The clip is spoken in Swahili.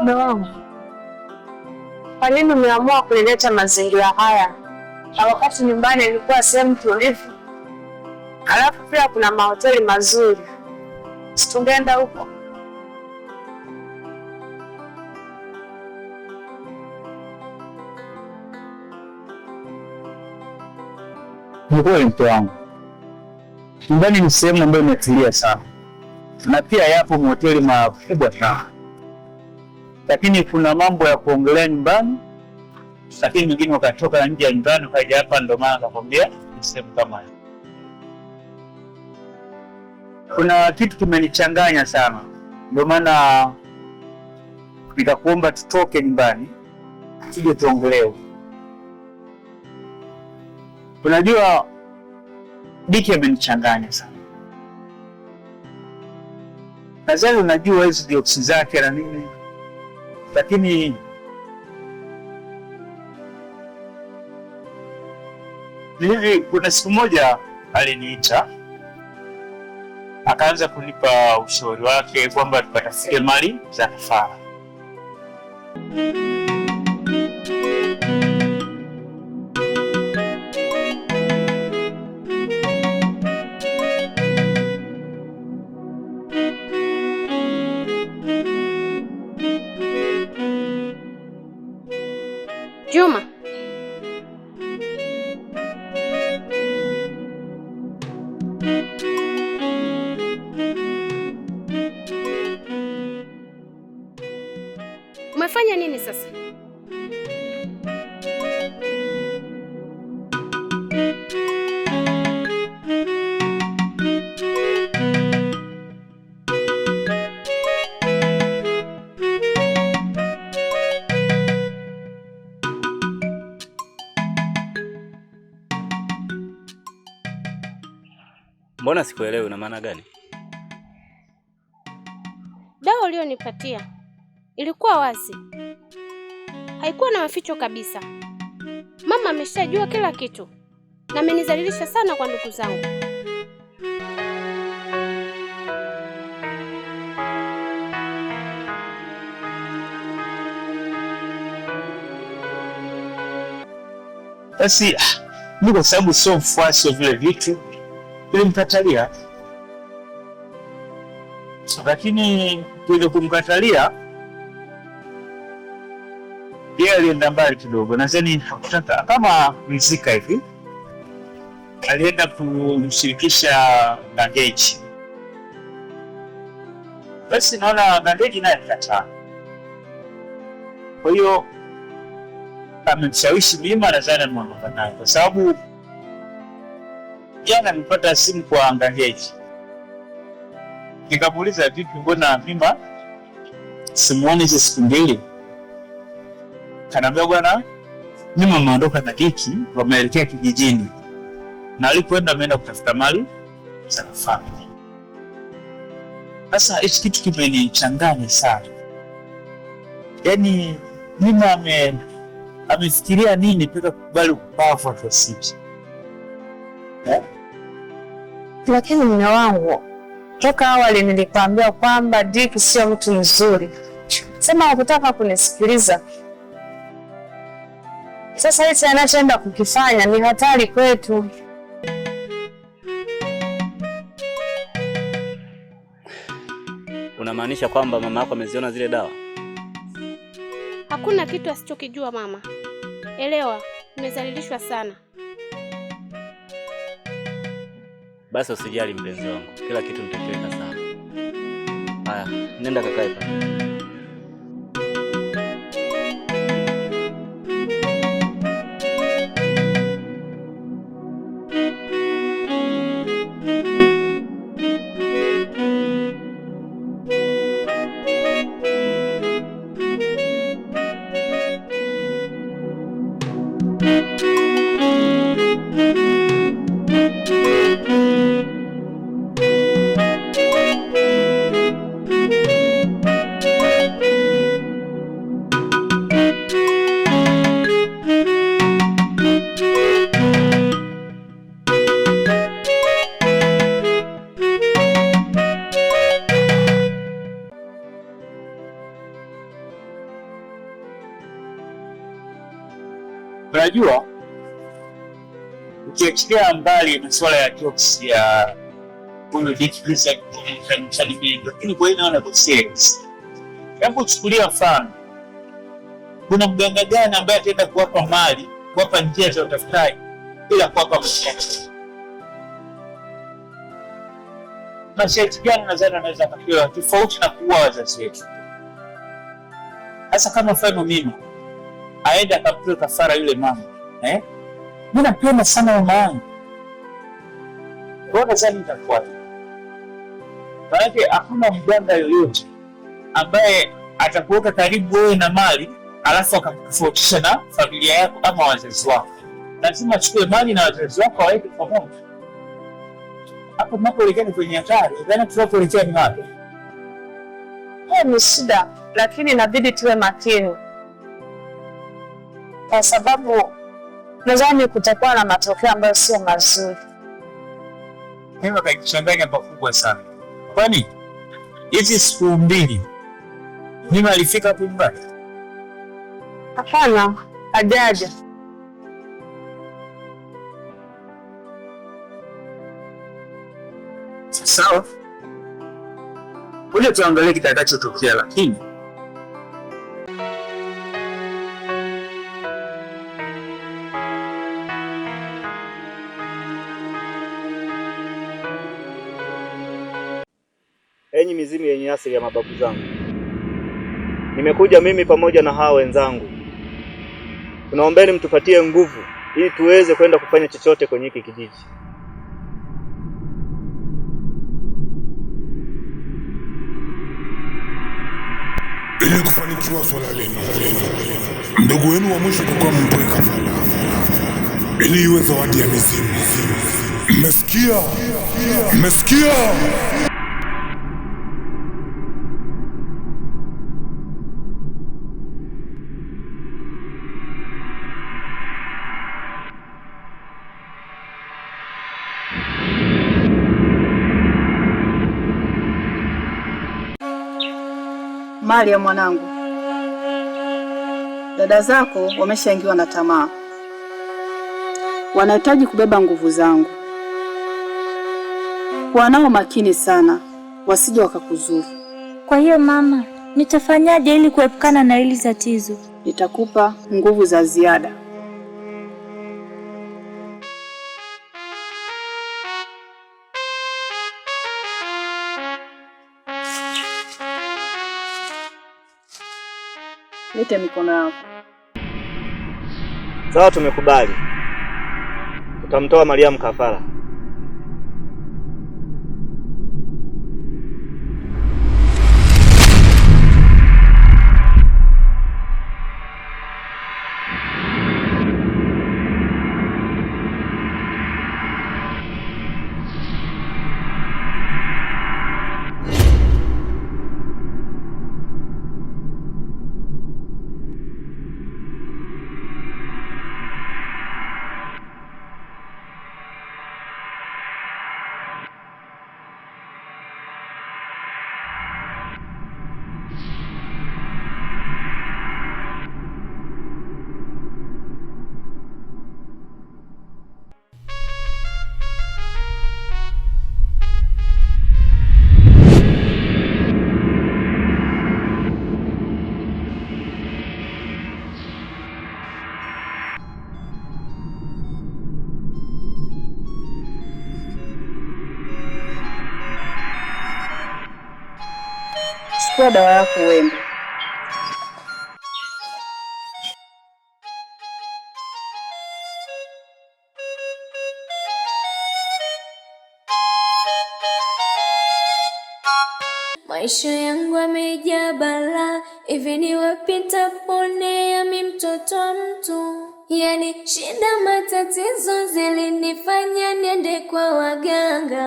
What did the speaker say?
Mume wangu, kwa nini umeamua kuleta mazingira haya na wakati nyumbani ilikuwa sehemu tulivu, alafu pia kuna mahoteli mazuri? Situngeenda huko? Ni kweli mke wangu, nyumbani ni sehemu ambayo imetulia sana, na pia yapo mahoteli makubwa sana lakini kuna mambo ya kuongelea nyumbani, lakini mwingine wakatoka nje ya nyumbani ukaja hapa, ndio maana akakwambia sehemu kama hiyo. Kuna kitu kimenichanganya sana, ndio maana nikakuomba tutoke nyumbani tuje tuongelewe. Unajua, Diki amenichanganya sana. Nadhani unajua hizi dioksi zake na nini lakini hivi kuna siku moja aliniita akaanza kunipa ushauri wake kwamba tukatafute mali za kafara. Mbona sikuelewi, una maana gani? Dawa ulionipatia ilikuwa wazi, haikuwa na maficho kabisa. Mama ameshajua kila kitu na amenizalilisha sana kwa ndugu zangu. Basi mimi kwa sababu sio mfuasi wa vile vitu nilimkatalia, lakini kwenye kumkatalia yeye alienda mbali kidogo, nadhani hakutaka kama mzika hivi, alienda kumshirikisha Gandeji. Basi naona Gandeji naye alikataa, kwa hiyo amemshawishi Mlima, nadhani anaondoka naye kwa sababu jana nilipata simu kwa waangaliaji, nikamuuliza vipi, mbona mimba simuoni hizi siku mbili? Kanaambia bwana, mimi ameondoka na diki, wameelekea kijijini, na alipoenda ameenda kutafuta mali za familia. Sasa hichi kitu kimenichanganya sana, yaani mima ame amefikiria nini mpaka kukubali kupaa kwa sisi eh? Lakini mume wangu, toka awali nilikwambia kwamba Dick sio mtu mzuri. Sema ukitaka kunisikiliza. Sasa hichi anachoenda kukifanya ni hatari kwetu. Unamaanisha kwamba mama yako ameziona zile dawa? Hakuna kitu asichokijua mama. Elewa, nimezalilishwa sana. Basi usijali mpenzi wangu, kila kitu nitakiweka sawa. Haya, nenda kakae pale. Unajua, ukiachilia mbali masuala ya jokes ya huyu lakini kwa naona hebu chukulia mfano, kuna mganga gani ambaye ataenda kuwapa mali kuwapa njia za utafutaji bila kuwapa masharti? Masharti gani nadhani anaweza akapewa tofauti na kuua wazazi wetu? Hasa kama mfano mimi aende akapiwe kafara yule mama eh? Mi napenda sana mama yangu, mbona zani Maanake hakuna mganga yoyote ambaye atakuweka karibu wewe na mali alafu akakutofautisha na familia yako ama wazazi wako. Lazima achukue mali na wazazi wako waweke pamoja. Hapo tunapoelekea ni kwenye hatari, dhani tunapoelekea ni wapi? Hiyo ni shida, lakini inabidi tuwe makini kwa sababu nadhani kutakuwa na matokeo ambayo sio mazuri. Hiyo kakichanganya pakubwa sana, kwani hizi siku mbili mimi alifika hapo nyumbani? Hapana, hajaja. Sawa, ule tuangalie kitakachotokea, lakini mizimu yenye asili ya mababu zangu. Nimekuja mimi pamoja na hawa wenzangu, tunaombeni mtupatie nguvu ili tuweze kwenda kufanya chochote kwenye hiki kijiji. Ili kufanikiwa swala lenu, ndugu wenu wa mwisho kukuwa mtoe kafara ili iwe zawadi ya mizimu. Mmesikia? Mmesikia? mali ya mwanangu. Dada zako wameshaingiwa na tamaa, wanahitaji kubeba nguvu zangu. Wanao makini sana, wasije wakakuzuru. Kwa hiyo mama, nitafanyaje ili kuepukana na hili tatizo? Nitakupa nguvu za ziada Nite mikono yako. Sawa, tumekubali. Tutamtoa Mariamu kafara. chukua dawa yako uende. Maisha yangu yamejaa balaa, hivi niwapita ponea mi mtoto wa mtu. Yani shida matatizo zilinifanya niende kwa waganga.